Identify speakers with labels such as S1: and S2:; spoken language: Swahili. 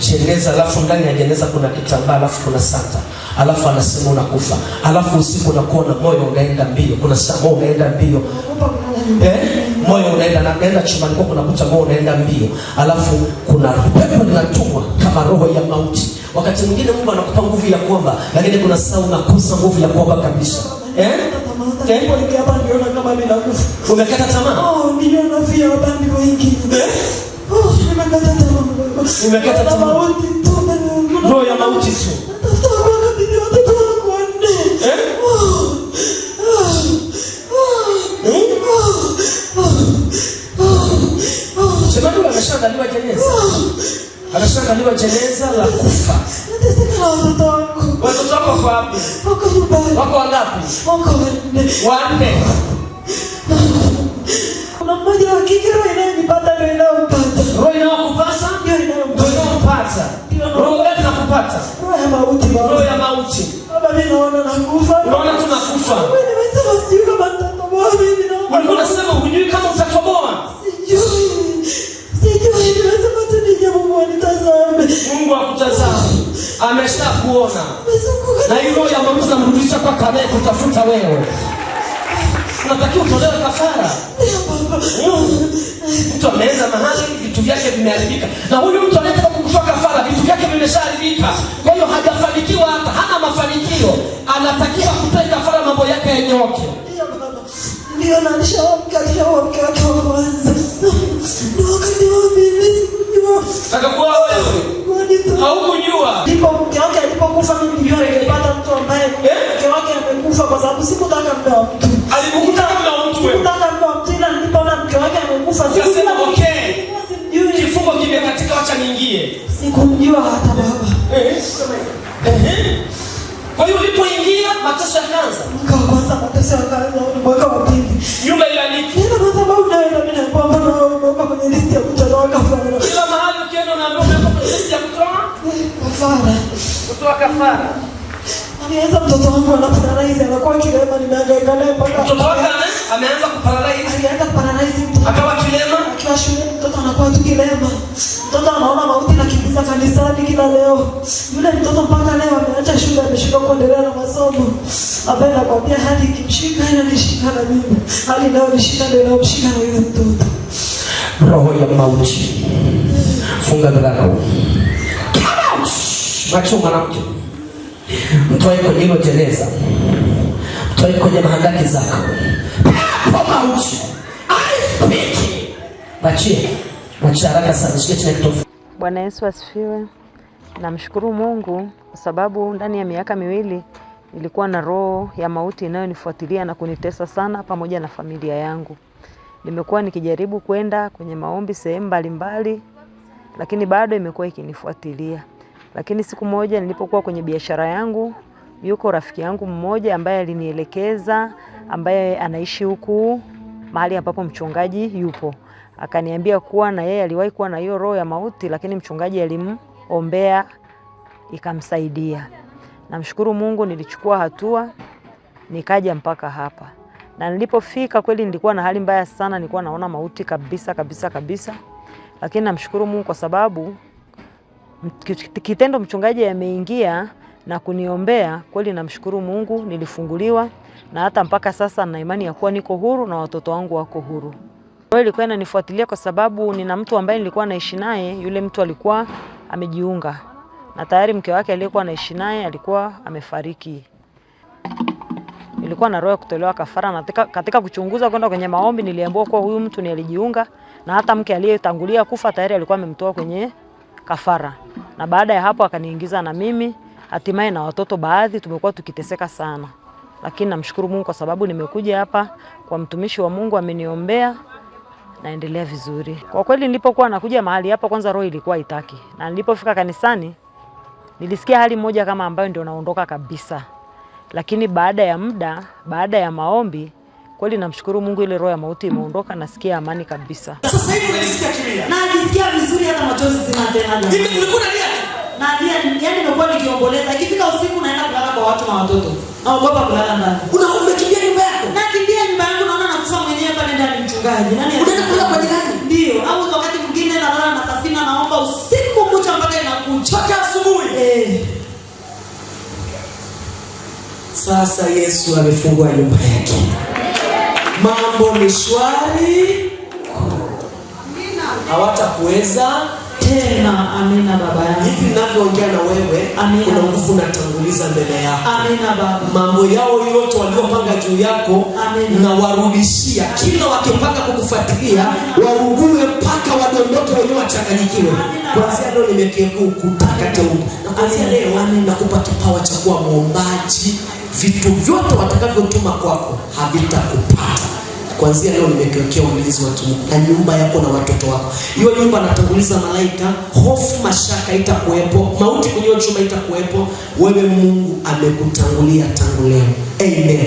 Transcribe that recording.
S1: jeneza, alafu ndani ya jeneza kuna kitambaa, alafu kuna santa, alafu anasema unakufa, alafu usiku unakuwa na moyo unaenda mbio, kuna saa moyo unaenda mbio eh, moyo unaenda na kwenda chumbani kwako, unakuta moyo unaenda mbio, alafu kuna pepo linatumwa kama roho ya mauti. Wakati mwingine Mungu anakupa nguvu ya kuomba, lakini kuna saa unakosa nguvu ya kuomba kabisa eh
S2: Tembo nikiapa niona kama mimi nakufa.
S1: Umekata tamaa?
S2: Oh, niliona via wabandi wengi. Umekata tamaa.
S1: Roho ya mauti sio. Shemadu ameshaangaliwa jeneza. Ameshaangaliwa jeneza la kufa. Watoto wako wapi? Wako wangapi? Wanne. nakupata. Roho gani nakupata?
S2: Roho
S1: ya mauti. baba roho Unaona tunakufa. Ulikuwa unasema hujui kama utatoboa. Mungu amesha kuona na hiyo ya mauti mrudisha kwa kale kutafuta wewe unatakiwa utolewe kafara. Mtu ameweza mahali vitu vyake vimeharibika, na huyu mtu anaenda imeshaharibika, kwa hiyo hajafanikiwa, hata hana mafanikio, anatakiwa kutoa kafara, mambo yake yanyoke.
S2: Ndio kwanza ndio wakati wa mimi
S1: wewe haukujua,
S2: ndipo mke wake alipokufa. Mimi ndio nilipata mtu ambaye eh? mke wake amekufa kwa sababu sikutaka mdomo hata
S1: baba. Kwa hiyo ulipoingia mateso yakaanza.
S2: Mwaka wa kwanza mateso yakaanza, mwaka wa pili.
S1: Nyumba iliandikwa.
S2: Nina madhabahu nayo na mimi naomba Bwana naomba kwenye list ya kutoa kafara.
S1: Kila mahali ukienda unaambiwa unaomba kwenye list ya kutoa kafara. Kutoa kafara.
S2: Ameanza mtoto wangu anaparalyze, anakuwa kilema, nimehangaika naye mpaka
S1: mtoto wake ameanza kuparalyze.
S2: Alianza kuparalyze
S1: mtoto. Akawa kilema.
S2: Akiwa shule mtoto anakuwa tu kilema. Mtoto anaona kanisani kila leo. Yule mtoto mpaka leo ameacha shule, ameshindwa kuendelea na masomo, ambaye nakwambia hadi ikimshika inanishika na mimi, hadi inayonishika ndio inayomshika na yule mtoto.
S1: Roho ya mauti, funga dhako, macho mwanamke, mtoe kwenye hilo jeneza, mtoe kwenye mahandaki zako, pepo mauti, I speak, bachie, bachie haraka sana, shike chini kitofu
S3: Bwana Yesu asifiwe. Namshukuru Mungu kwa sababu ndani ya miaka miwili nilikuwa na roho ya mauti inayonifuatilia na kunitesa sana pamoja na familia yangu. Nimekuwa nikijaribu kwenda kwenye maombi sehemu mbalimbali, lakini bado imekuwa ikinifuatilia. Lakini siku moja nilipokuwa kwenye biashara yangu, yuko rafiki yangu mmoja ambaye alinielekeza, ambaye anaishi huku mahali ambapo mchungaji yupo akaniambia kuwa na yeye aliwahi kuwa na hiyo roho ya mauti, lakini mchungaji alimombea ikamsaidia. Namshukuru Mungu, nilichukua hatua nikaja mpaka hapa, na nilipofika kweli nilikuwa na hali mbaya sana, nilikuwa naona mauti kabisa kabisa kabisa, lakini namshukuru Mungu kwa sababu kitendo mchungaji ameingia na kuniombea kweli, namshukuru Mungu, nilifunguliwa na hata mpaka sasa na imani ya kuwa niko huru na watoto wangu wako huru kwa hiyo ilikuwa inanifuatilia kwa sababu nina mtu ambaye nilikuwa naishi naye, yule mtu alikuwa amejiunga na tayari mke wake aliyekuwa anaishi naye alikuwa amefariki. Ilikuwa na roho ya kutolewa kafara, na katika kuchunguza kwenda kwenye maombi niliambiwa kuwa huyu mtu ni alijiunga, na hata mke aliyetangulia kufa tayari alikuwa amemtoa kwenye kafara, na baada ya hapo akaniingiza na mimi hatimaye na watoto baadhi. Tumekuwa tukiteseka sana, lakini namshukuru Mungu kwa sababu nimekuja hapa kwa mtumishi wa Mungu, ameniombea naendelea vizuri kwa kweli. Nilipokuwa nakuja mahali hapa, kwanza roho ilikuwa itaki, na nilipofika kanisani nilisikia hali moja kama ambayo ndio naondoka kabisa, lakini baada ya muda, baada ya maombi kweli, namshukuru Mungu, ile roho ya mauti imeondoka, nasikia amani kabisa.
S1: Sasa hivi unajisikia kimya
S2: na najisikia vizuri, hata machozi zinatena.
S1: Mimi nilikuwa nalia
S2: na nalia, yani nimekuwa nikiomboleza, ikifika usiku naenda kulala kwa watu na watoto, naogopa kulala ndani mchungaji.
S1: Nani
S2: Ndio. Au wakati mwingine nalala na safina naomba usiku kucha mpaka asubuhi.
S1: Eh. Sasa Yesu amefungua nyumba yake. Mambo ni shwari. Amina. Hawatakuweza tena. Amina baba yangu, hivi ninavyoongea na wewe, kuna nguvu natanguliza mbele yako. Amina baba, mambo yao yote waliopanga juu yako na warudishia kila wakipanga kukufuatilia warugue mpaka wadondoke wenyewe, wachanganyikiwe. Kuanzia leo nimekutaka teule, na kuanzia leo nakupa kipawa cha kuwa mwombaji. Vitu vyote watakavyotuma kwako havitakupata. Kuanzia leo nimekuwekea ulinzi wa tumbo na nyumba yako na watoto wako. Hiyo nyumba anatanguliza malaika, hofu, mashaka itakuwepo, mauti, kunywa chuma itakuwepo. Wewe Mungu amekutangulia tangu leo. Amen.